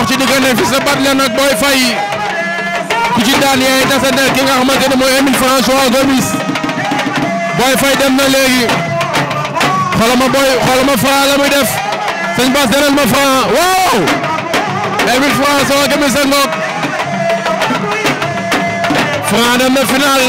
dox ci diggante Fils de Batlene ak Boy Faye ku ci daan yaay tasante ki nga xamante ne mooy Émile François Gomis Boy Faye dem na léegi xolama Boy xolama Franc la muy def sëñ a ngoog Franc dem na final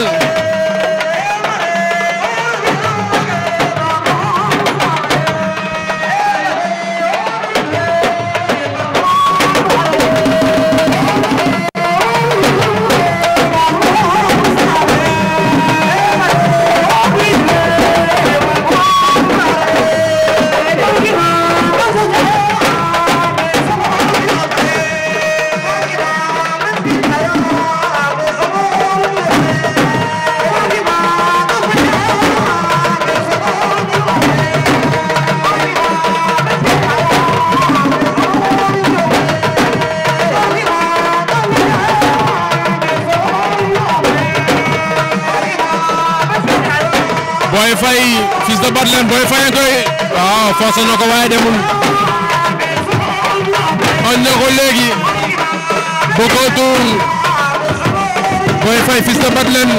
Boy Faye fils de Batlem Boy Faye koy ko waaye demul on na ko léegi boko tour Boy Faye fils de Batlem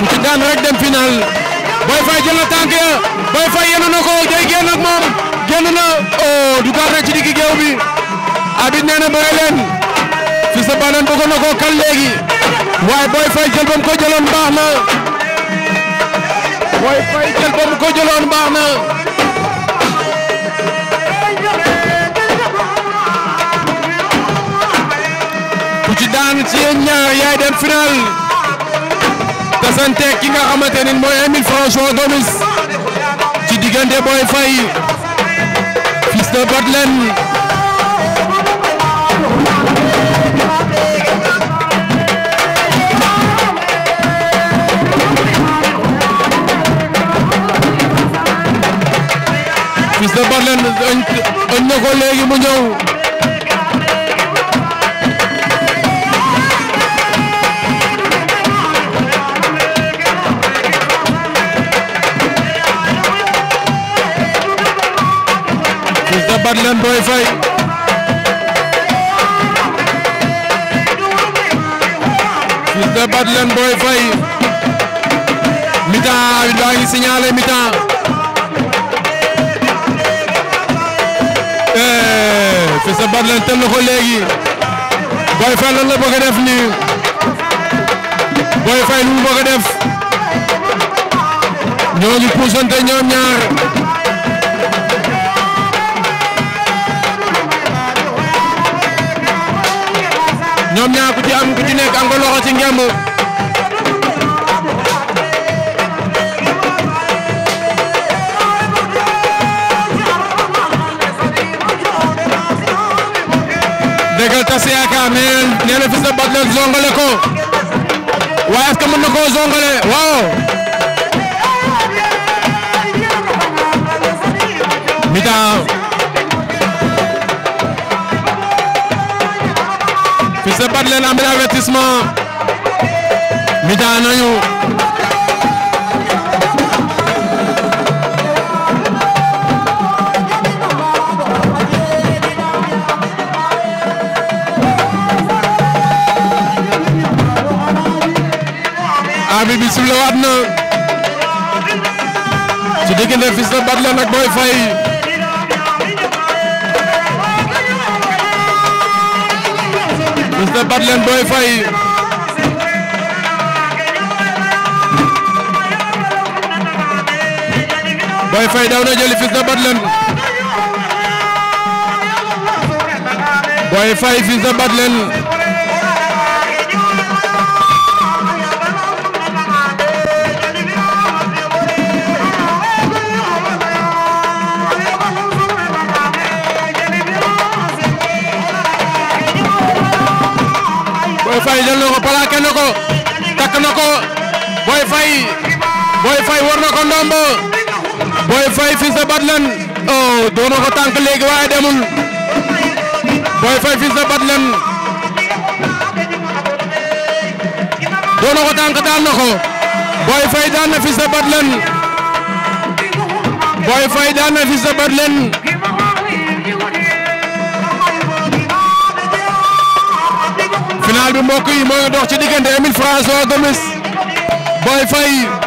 ku ci daan rek dem final Boy Faye jël na tànk ya Boy ko day génn ak moom génn oh, du gaar ci digg géew bi Habib nee na bëre leen Fils de Balla bëgg na koo léegi waaye Boy Faye jël ko jëloon baax na Boy Faye jël ko jëloon baax na ku ci daan ci yéen ñaar dem final tasante ki nga xamante ne mooy Émile François Gomis ci diggante Boy Faye Fils de Balla Fils de Batléne ëñ na ko léegi a ñëw Fils de Batléne mi-temps te Batling teel na ko léegi Boy Faye lan la bëgg a def nii Boy Faye lu mu bëgg a def ñoo ngi puusante ñoom ñaar ñoom ñaar ku ci am ku ci nekk am loxo ci ngemb. Regal tas yaakaar nee na nee na Fils de Batleur zongale ko waaye est-ce que mën na koo zongale waaw. mi-temps Fils de Batleur am na avertissement mi-temps nañu. sifflé waat na ci diggante Fils de Batlen ak Boy Faye Fils de Batlen Boy Faye Boy Faye daw na jëli Fils de Batlen Boy Faye Fils de Batlen Boy jël na ko plaqué na ko takk na ko Boy Faye Boy Faye war na ko ndombo Boy Faye Fils de oh, ko tànk léegi waaye demul Boy Faye Fils tànk daan na ko final bi mbokk yi moo ngi dox ci diggante Emile François Gomis Boy Faye